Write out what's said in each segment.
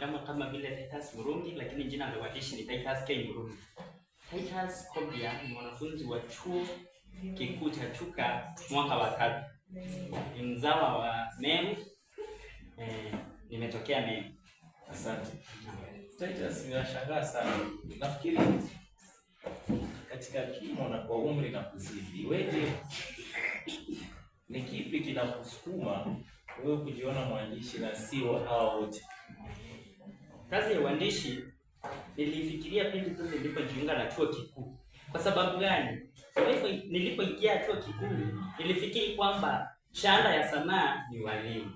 kama kama vile Titus Murungi, lakini jina la uandishi ni Titus K Murungi. Titus Kobia ni mwanafunzi wa chuo kikuu cha Chuka mwaka wa tatu, ni mzawa wa Meru. Eh, nimetokea Meru. Asante. Titus, ninashangaa sana. Nafikiri katika kimo na kwa umri na kuzidi, weje, ni kipi kinakusukuma wewe kujiona mwandishi na sio hao wote? Kazi ya uandishi nilifikiria pindi tu nilipojiunga na chuo kikuu. Kwa sababu gani? Nilipoingia chuo kikuu nilifikiri kwamba shahada ya sanaa ni walimu.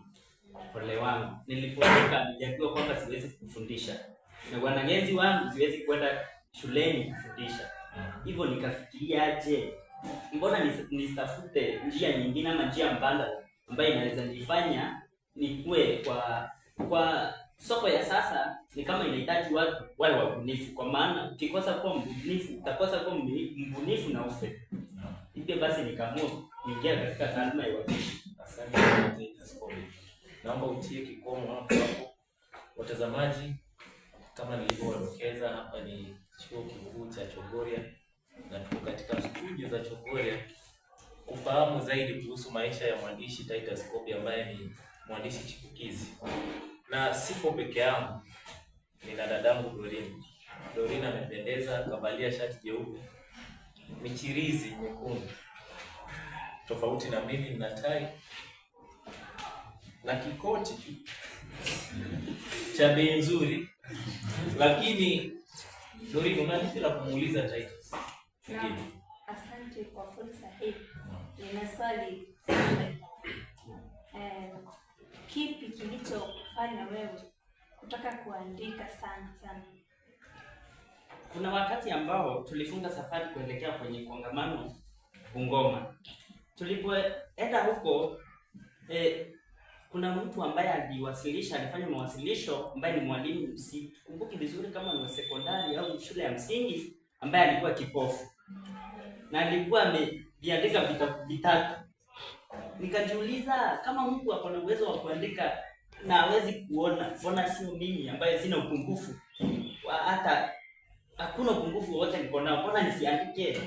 pole wangu, nilipofika, nilijua kwamba siwezi kufundisha na wanagenzi wangu siwezi kwenda shuleni kufundisha. Hivyo nikafikiriaje, mbona nisitafute njia nyingine ama njia mbadala ambayo inaweza nifanya nikuwe kwa kwa Soko ya sasa ni kama inahitaji watu wale wabunifu, kwa maana ukikosa kuwa mbunifu utakosa kuwa mbunifu na ufe. Hivyo basi nikaamua kuingia katika taaluma ya uandishi. Asante sana. Naomba utie kikomo hapo hapo. Watazamaji, kama nilivyoelekeza, hapa ni chuo kikuu cha Chogoria na tuko katika studio za Chogoria kufahamu zaidi kuhusu maisha ya mwandishi Titus Kobe ambaye ni mwandishi chipukizi na sipo peke yangu, nina dadangu Dorin. dorin amependeza, kavalia shati jeupe, michirizi nyekundu, tofauti na mimi, nina tai na kikoti tu cha bei nzuri, lakini Dorina, unanipi la kumuuliza tai? Asante kwa fursa hii, nina swali eh, kipi kilichofanya wewe kutaka kuandika sana sana? Kuna wakati ambao tulifunga safari kuelekea kwenye kongamano Bungoma. Tulipoenda huko eh, kuna mtu ambaye aliwasilisha, alifanya mawasilisho ambaye ni mwalimu, sikumbuki vizuri kama ni sekondari au shule ya msingi, ambaye alikuwa kipofu na alikuwa ameviandika vitabu vitatu Nikajiuliza kama mtu ako na uwezo wa kuandika na hawezi kuona, mbona sio mimi ambaye sina upungufu wa hata hakuna upungufu wowote niko nao, mbona nisiandike?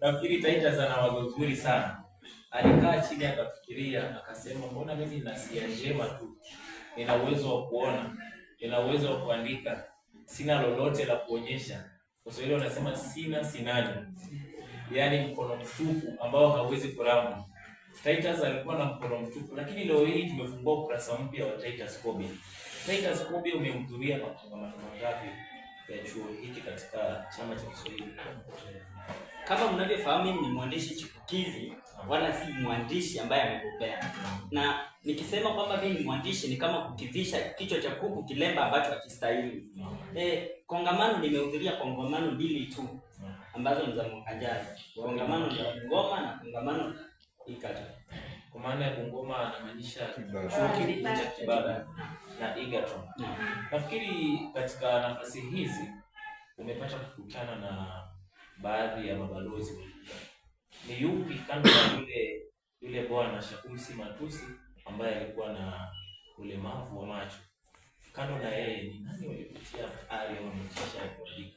Nafikiri Taita sana wazo zuri sana. Alikaa chini akafikiria, akasema mbona mimi nasia njema tu, nina uwezo wa kuona, nina uwezo wa kuandika sina lolote la kuonyesha. Waswahili wanasema sina sinani, yaani mkono mtupu ambao hauwezi kuramu. Titus alikuwa na mkono mtupu, lakini leo hii tumefungua ukurasa mpya wa Titus Kobe. Titus Kobe, umehudhuria makongamano mangapi ya chuo hiki katika chama cha Kiswahili? Kama mnavyofahamu, ni mwandishi chipukizi wala si mwandishi ambaye amekupea Na nikisema kwamba mimi ni mwandishi ni kama kukivisha kichwa cha kuku kilemba ambacho hakistahili. Eh, kongamano nimehudhuria kongamano mbili tu ambazo ni za mwaka jana, kongamano la Bungoma na kongamano Ikata. Kwa maana ya Bungoma anamaanisha Kibada na Igato. Nafikiri katika nafasi hizi umepata kukutana na baadhi ya mabalozi ni yupi kando ya yule yule bwana Shakumsi Matusi ambaye alikuwa na ulemavu wa macho? Kando na yeye ni nani walipitia ari ya motisha ya kuandika?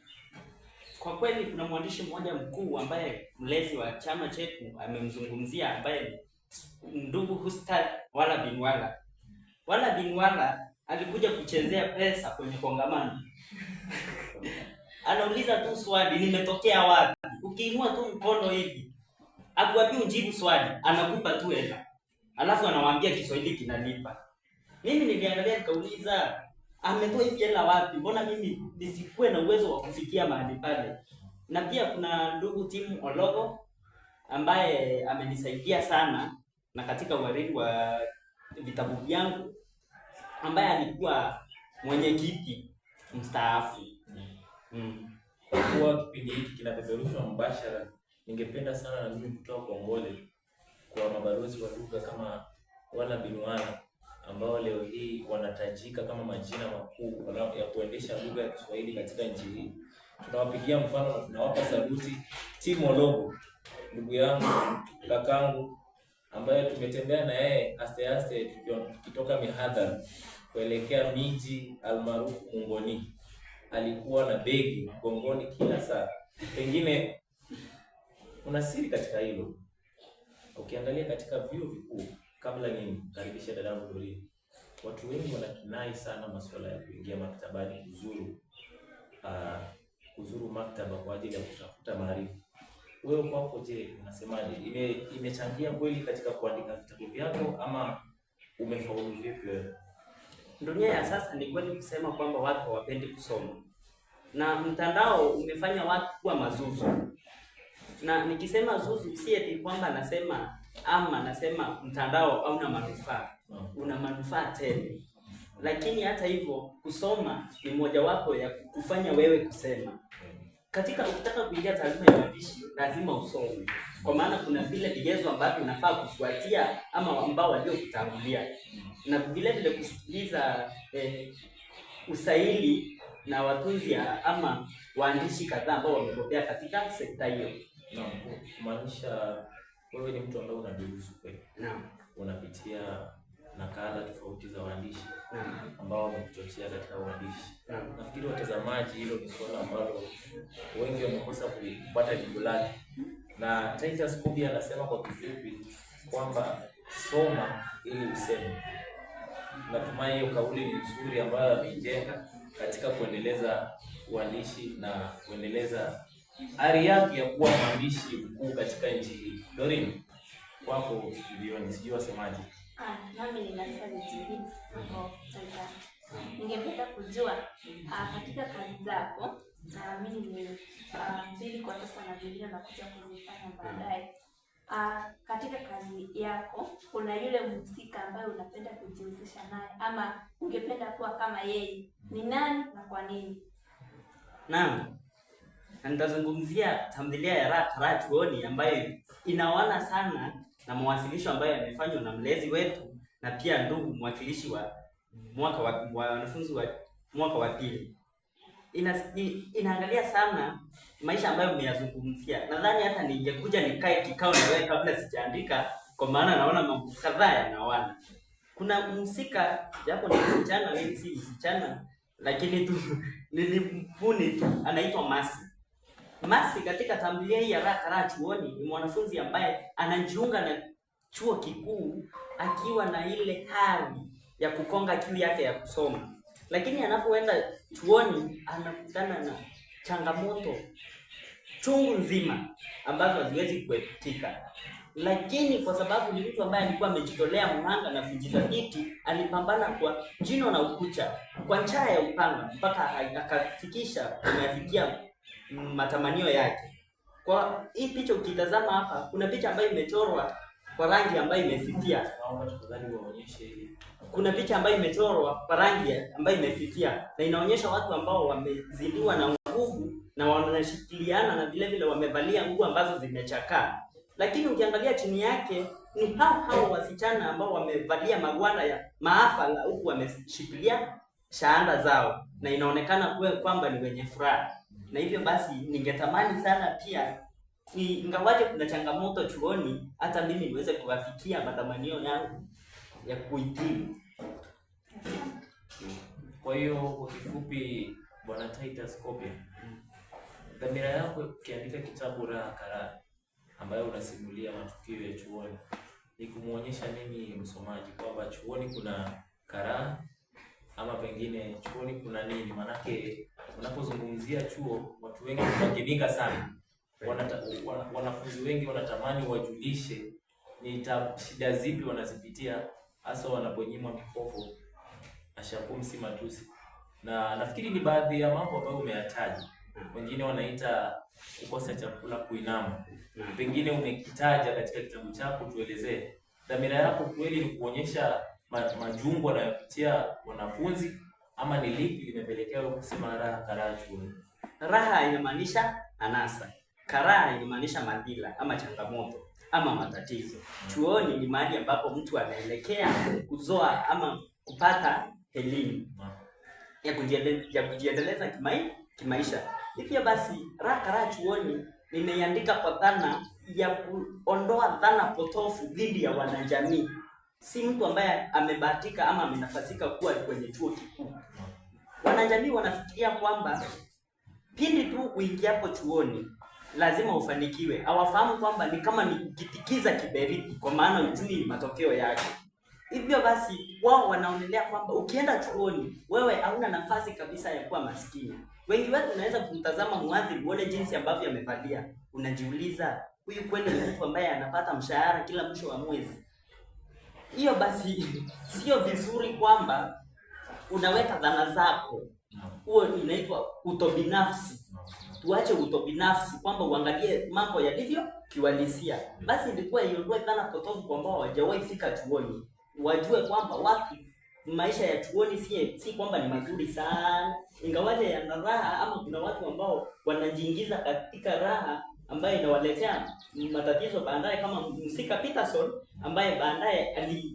Kwa kweli kuna mwandishi mmoja mkuu ambaye mlezi wa chama chetu amemzungumzia ambaye ndugu Hustad wala Binwala. Wala Binwala alikuja kuchezea pesa kwenye kongamano. Anauliza tu swali, nimetokea wapi? Ukiinua tu mkono hivi Akuambia ujibu swali, anakupa tu hela. Alafu anawaambia Kiswahili kinalipa. Mimi niliangalia nikauliza, ametoa hizi hela wapi? Mbona mimi nisikuwe na uwezo wa kufikia mahali pale? Na pia kuna ndugu Tim Ologo ambaye amenisaidia sana na katika uhariri wa vitabu vyangu ambaye alikuwa mwenyekiti mstaafu. Mm. Kwa kipindi hiki kinapeperushwa mbashara Ningependa sana na mimi kutoa kongole kwa mabalozi wa lugha kama wala binwana ambao leo hii wanatajika kama majina makuu ya kuendesha lugha ya Kiswahili katika nchi hii. Tunawapigia mfano na tunawapa saluti. Timo Lobo, ndugu yangu, kakangu ambaye tumetembea na yeye aste aste tukitoka mihadhara kuelekea miji almaarufu Mungoni. Alikuwa na begi mgongoni kila saa. Pengine kuna siri katika hilo. Ukiangalia katika vyuo vikuu, kabla ni karibisha dadangu Dori, watu wengi wanakinai sana masuala ya kuingia maktabani kuzuru, uh, kuzuru maktaba kwa ajili ya kutafuta maarifa. Wewe kwako, je, unasemaje? Ime, imechangia kweli katika kuandika vitabu vyako ama umefaulu vipi wewe? Dunia ya sasa ni kweli kusema kwamba watu hawapendi kusoma na mtandao umefanya watu kuwa mazuzu na nikisema zuzu si eti kwamba nasema ama nasema mtandao hauna manufaa, una manufaa tele, lakini hata hivyo kusoma ni mojawapo ya kufanya wewe kusema katika ukitaka kuingia taaluma ya uandishi lazima usome, kwa maana kuna vile vigezo ambavyo unafaa kufuatia ama ambao waliokutangulia, na vile vile kusikiliza eh, usaili na watunzi ama waandishi kadhaa ambao wamebobea katika sekta hiyo. Naam, kumaanisha wewe ni mtu ambaye unadurusu kweli. Naam. Unapitia nakala tofauti za waandishi ambao wamekuchochea katika uandishi. Nafikiri watazamaji, hilo ni swala ambalo wengi wamekosa kupata jibu lake, na Titus Kubi anasema kwa kifupi kwamba soma ili useme. Natumai hiyo kauli ni nzuri ambayo ameijenga katika kuendeleza uandishi na kuendeleza ari yake ya kuwa mwandishi mkuu katika nchi hii. Dorine, wako studioni, sijui wasemaje? Ah, nami hapo Tanzania. Ningependa kujua ah, katika kazi zako mimi ni mbili ah, kwa sasa na zingine kuja kuzifanya baadaye. Ah, katika kazi yako kuna yule mhusika ambaye unapenda kujihusisha naye ama ungependa kuwa kama yeye? Ni nani na kwa nini? Naam na nitazungumzia tamthilia ya Raha Karaha Chuoni ambayo inawana sana na mawasilisho ambayo yamefanywa na mlezi wetu na pia ndugu mwakilishi wa mwaka wa wanafunzi wa mwaka wa pili. Ina, inaangalia sana maisha ambayo mmeyazungumzia. Nadhani hata ningekuja nikae kikao na wewe kabla sijaandika, kwa maana naona mambo kadhaa yanawana. Kuna mhusika japo ni msichana, wewe si msichana, lakini tu nilimpuni tu, anaitwa Masi masi katika tamthilia hii ya Raha Karaa Chuoni ni mwanafunzi ambaye anajiunga na chuo kikuu akiwa na ile hali ya kukonga kiu yake ya kusoma, lakini anapoenda chuoni anakutana na changamoto chungu nzima ambazo haziwezi kueputika, lakini kwa sababu ni mtu ambaye alikuwa amejitolea mhanga na kujitahidi, alipambana kwa jino na ukucha, kwa ncha ya upanga mpaka akafikisha, ameafikia matamanio yake. Kwa hii picha ukitazama hapa, kuna picha ambayo imechorwa kwa rangi ambayo imefifia. Kuna picha ambayo imechorwa kwa rangi ambayo imefifia na inaonyesha watu ambao wamezidiwa na nguvu na wanashikiliana na vile vile wamevalia nguo ambazo zimechakaa, lakini ukiangalia chini yake ni hao hao wasichana ambao wamevalia magwanda ya maafala huku wameshikilia shahada zao na inaonekana kwamba ni wenye furaha na hivyo basi ningetamani sana pia ingawaje kuna changamoto chuoni, hata mimi niweze kuwafikia matamanio yangu ya kuhitimu. Kwa hiyo kwa kifupi, Bwana Titus Kopya, dhamira yako ukiandika kitabu Raha Karaa ambayo unasimulia matukio ya chuoni ni kumwonyesha nini msomaji kwamba chuoni kuna karaa ama pengine chuoni kuna nini? Maanake unapozungumzia chuo watu wengi wanaegemika sana, wanata, wana, wanafunzi wengi wanatamani wajulishe ni shida zipi wanazipitia hasa wanaponyimwa mikopo na shakumsi matusi, na nafikiri ni baadhi ya mambo ambayo umeyataja, wengine wanaita kukosa chakula kuinama. Pengine umekitaja katika kitabu chako, tuelezee dhamira yako kweli ni kuonyesha majungu wanayopitia wanafunzi ama ni lipi limepelekea kusema raha karaa chuoni? Raha inamaanisha anasa, karaa inamaanisha madhila ama changamoto ama matatizo. Chuoni ni mahali ambapo mtu anaelekea kuzoa ama kupata elimu ya kujiendeleza kimai, kimaisha. Hivyo basi raha karaa chuoni nimeiandika kwa dhana ya kuondoa dhana potofu dhidi ya wanajamii si mtu ambaye amebahatika ama amenafasika kuwa kwenye chuo kikuu. Wanajamii wanafikiria kwamba pindi tu uingiapo chuoni lazima ufanikiwe. Hawafahamu kwamba ni kama ni kukitikiza kiberiti, kwa maana ujui matokeo yake. Hivyo basi, wao wanaonelea kwamba ukienda chuoni wewe hauna nafasi kabisa ya kuwa maskini. Wengi wetu unaweza kumtazama mwadhiri uone jinsi ambavyo amevalia, unajiuliza huyu kweli ni mtu ambaye anapata mshahara kila mwisho wa mwezi hiyo basi sio vizuri kwamba unaweka dhana zako. Huo inaitwa utobinafsi. Tuache utobinafsi kwamba uangalie mambo yalivyo kiuhalisia. Basi ilikuwa iondoe dhana potofu kwamba hawajawahi fika chuoni, wajue kwamba watu maisha ya chuoni si si kwamba ni mazuri sana, ingawaje yana raha, ama kuna watu ambao wanajiingiza katika raha ambaye inawaletea matatizo baadaye, kama msika Peterson ambaye baadaye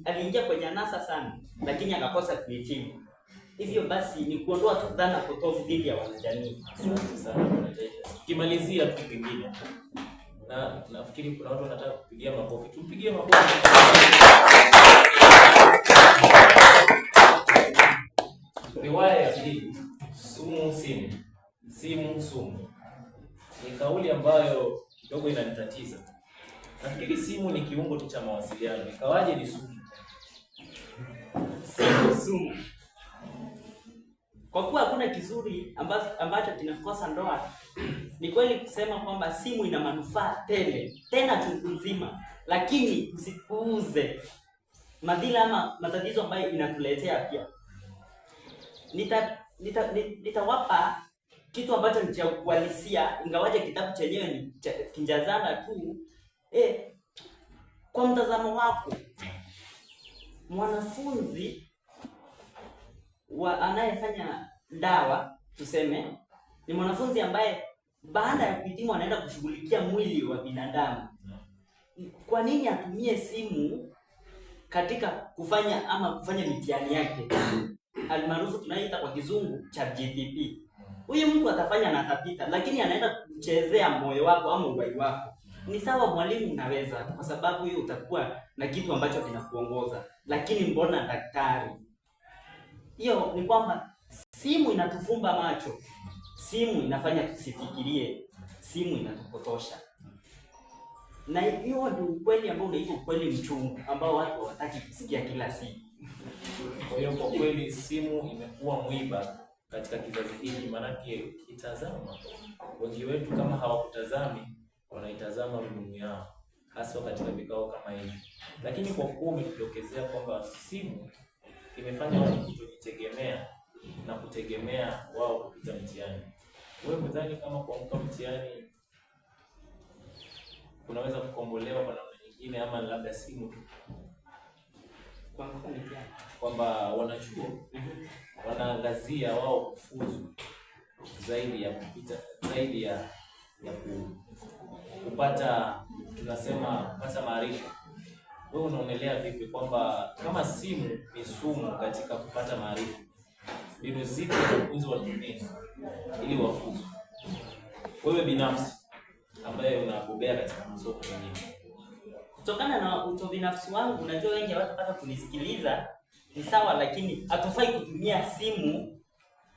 aliingia kwenye anasa sana, lakini akakosa kuhitimu. Hivyo basi ni kuondoa tu dhana potofu dhidi ya wanajamii. Kimalizia tu kingine, na nafikiri kuna watu wanataka kupigia makofi, tumpigie makofi. Riwaya ya pili, sumu simu, simu sumu ni kauli ambayo kidogo inanitatiza. Nafikiri simu ni kiungo tu cha mawasiliano, ikawaje ni sumu? Simu sumu, kwa kuwa hakuna kizuri ambacho kinakosa ndoa. Ni kweli kusema kwamba simu ina manufaa tele tena chungu nzima, lakini usipuuze madhila ama matatizo ambayo inatuletea pia. Nitawapa nita, nita, nita kitu ambacho ni cha kuhalisia, ingawaje kitabu chenyewe ni kinjazana tu. E, kwa mtazamo wako mwanafunzi wa anayefanya dawa tuseme ni mwanafunzi ambaye baada ya kuhitimu anaenda kushughulikia mwili wa binadamu, kwa nini atumie simu katika kufanya ama kufanya mitihani yake almaarufu tunaita kwa kizungu GPT? huyu mtu atafanya na atapita, lakini anaenda kuchezea moyo wako ama uhai wako. Ni sawa mwalimu, unaweza kwa sababu hiyo utakuwa na kitu ambacho kinakuongoza, lakini mbona daktari? Hiyo ni kwamba simu inatufumba macho, simu inafanya tusifikirie, simu inatupotosha, na hiyo ni ukweli ambao unaitwa ukweli mchungu ambao watu hawataki kusikia kila siku. Kwa hiyo kwa kweli simu imekuwa mwiba katika kizazi hiki, maanake ukitazama wengi wetu kama hawakutazami wanaitazama rununu yao, haswa katika vikao kama hivi. Lakini kwa kuwa umetudokezea kwamba simu imefanya watu kutojitegemea na kutegemea wao kupita mtihani, wewe mdhani kama kuamka mtihani kunaweza kukombolewa kwa namna nyingine, ama labda simu tu? kwamba wanachuo wanaangazia wao kufuzu zaidi ya kupita zaidi ya ya kupata tunasema kupata maarifa. Wewe unaonelea vipi kwamba kama simu ni sumu katika kupata maarifa, mbinu zipi wanafunzi watumie ili wafuzu? Wewe binafsi ambaye unabobea katika masomo yenyewe kutokana na utobinafsi wangu, unajua wengi hawatapata kunisikiliza, ni sawa, lakini hatufai kutumia simu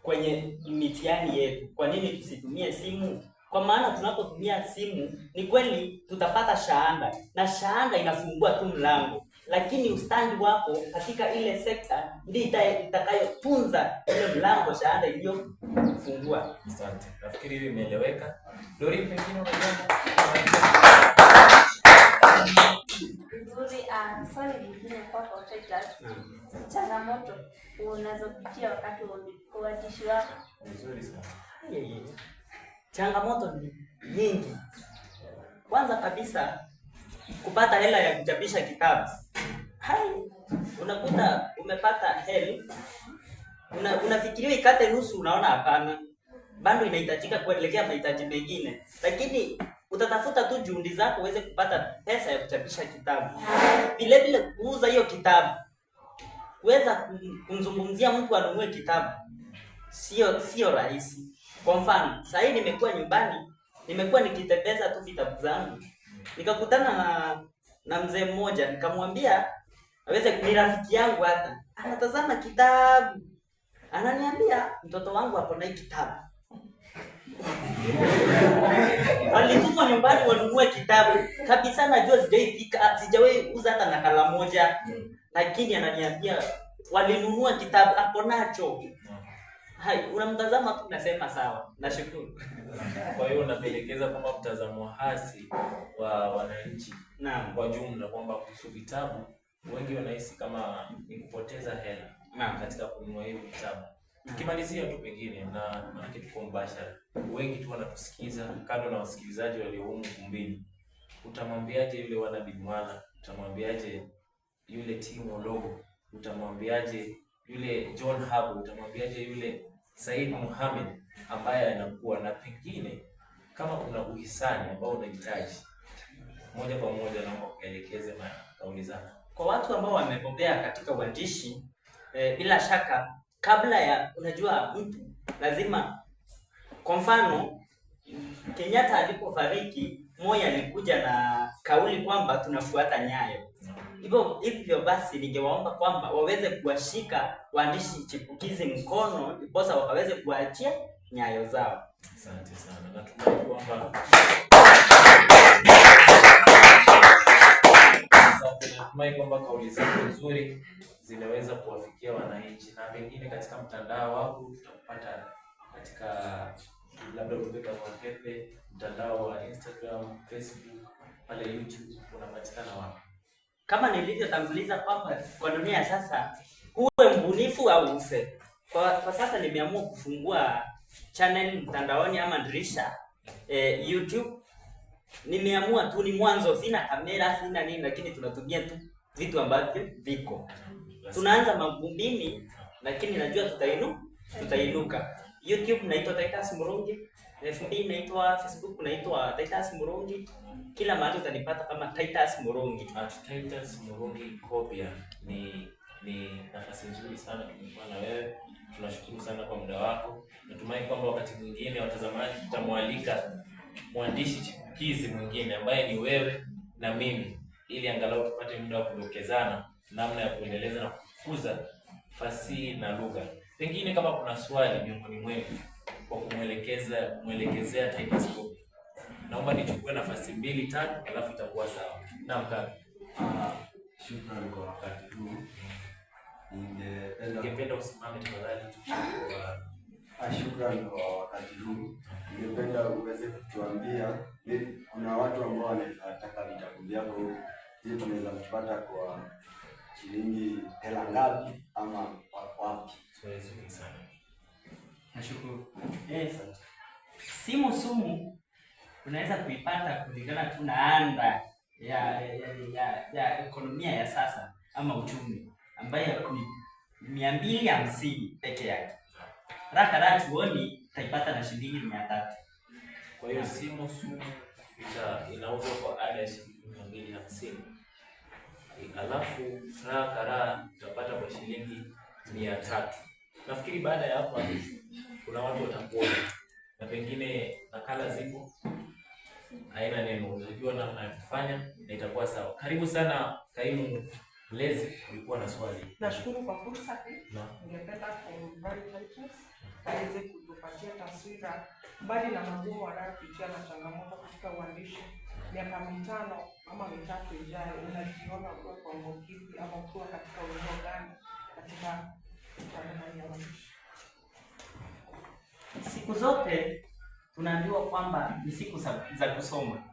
kwenye mitihani yetu. Kwa nini tusitumie simu? Kwa maana tunapotumia simu ni kweli tutapata shahada, na shahada inafungua tu mlango, lakini ustandi wako katika ile sekta ndiyo itakayotunza ile mlango shahada iliyofungua. Asante, nafikiri hili imeeleweka. Lori, pengine Nzuri, ah, swali lingine kwako Tejas, changamoto unazopitia wakati wa uandishi wako? Nzuri sana. Changamoto ni nyingi. Kwanza kabisa kupata hela ya kuchapisha kitabu. Hai, unakuta umepata hela, una, unafikiria ikate nusu, unaona hapana, bado inahitajika kuelekea mahitaji mengine, lakini Utatafuta tu juhudi zako uweze kupata pesa ya kuchapisha kitabu, vile vile kuuza hiyo kitabu, kuweza kumzungumzia mtu anunue kitabu sio sio rahisi. Kwa mfano, sasa hii nimekuwa nyumbani, nimekuwa nikitembeza tu vitabu zangu, nikakutana na na mzee mmoja, nikamwambia aweze ni rafiki yangu, hata anatazama kitabu, ananiambia mtoto wangu hapo na kitabu Walituma nyumbani wanunue kitabu kabisa, najua sijaifika, sijawahi uza hata nakala moja, lakini ananiambia walinunua kitabu hapo nacho. Hai, unamtazama tu nasema sawa, nashukuru. Kwa hiyo unapendekeza kwamba mtazamo hasi wa wananchi naam, kwa jumla kwamba kuhusu vitabu wengi wanahisi kama ni kupoteza hela naam, katika kununua hiyo vitabu Tukimalizia tu pengine na maanake tuko mbashara, wengi tu wanatusikiza, kando na wasikilizaji walio humu utamwambiaje yule wana bimwana? Utamwambiaje yule timu logo Utamwambiaje yule John Habu? Utamwambiaje yule Said Mohamed ambaye anakuwa na pengine kama kuna uhisani ambao unahitaji moja kwa moja, naomba kuelekeze kauli zako kwa watu ambao wamebobea katika uandishi. eh, bila shaka kabla ya unajua, mtu lazima kwa mfano Kenyatta alipofariki Moi alikuja na kauli kwamba tunafuata nyayo. Hivyo hivyo basi, ningewaomba kwamba waweze kuwashika waandishi chipukizi mkono, ndiposa wakaweze kuachia nyayo zao. Asante sana, natumai kwamba Natumai kwamba kauli zako nzuri zimeweza kuwafikia wananchi, na pengine katika mtandao wako tutakupata katika labda utupe barua pepe, mtandao wa Instagram, Facebook, pale YouTube unapatikana wapi? Kama nilivyotanguliza kwamba kwa dunia sasa, uwe mbunifu au ufe. Kwa, kwa sasa nimeamua kufungua channel mtandaoni ama dirisha eh, YouTube nimeamua tu, ni mwanzo, sina kamera, sina nini, lakini tunatumia tu vitu ambavyo viko. Tunaanza mavumbini, lakini najua tutainu tutainuka. YouTube naitwa Titus Murungi, FB naitwa Facebook naitwa Titus Murungi. Kila mahali utanipata kama Titus Murungi. At ah, Titus Murungi Kopia ni ni nafasi nzuri sana kwa na wewe. Tunashukuru sana kwa muda wako. Natumai kwamba wakati mwingine watazamaji tutamwalika mwandishi kizi mwingine ambaye ni wewe na mimi, ili angalau tupate muda wa kudokezana namna ya kuendeleza na kukuza fasihi na lugha. Pengine kama kuna swali miongoni mwenu kwa kumwelekeza mwelekezea Titus naomba nichukue nafasi mbili tatu, alafu itakuwa sawa. Naam kaka. Shukrani kwa wakati huu, mm. ningependa usimame tafadhali. Ah, shukran kwa wakati huu, ningependa uweze kutuambia kuna watu ambao wanataka vitabu vyako, je, tunaweza kupata kwa shilingi hela ngapi ama wapi? simu sumu unaweza kuipata kulingana tu na anda ya ya ya ekonomia ya sasa ama uchumi ambayo ni mia mbili hamsini peke yake raha raha chuoni utaipata na shilingi mia tatu. Kwa hiyo simu inauzwa kwa ada ya shilingi mia mbili hamsini alafu raha karaa utapata kwa shilingi mia tatu. Nafikiri baada ya hapa kuna watu watakuona, na pengine nakala zipo, haina neno, unajua namna ya kufanya na itakuwa sawa. Karibu sana Kaimu Mlezi, ulikuwa na swali. Nashukuru kwa fursa hii. Ningependa aweze kutupatia taswira mbali na magumu wanayopitia na changamoto katika uandishi, miaka mitano ama mitatu ijayo, unajiona ukiwa kiwango kipi ama ukiwa katika uwezo gani katika taaluma ya uandishi? Siku zote tunaambiwa kwamba ni siku za kusoma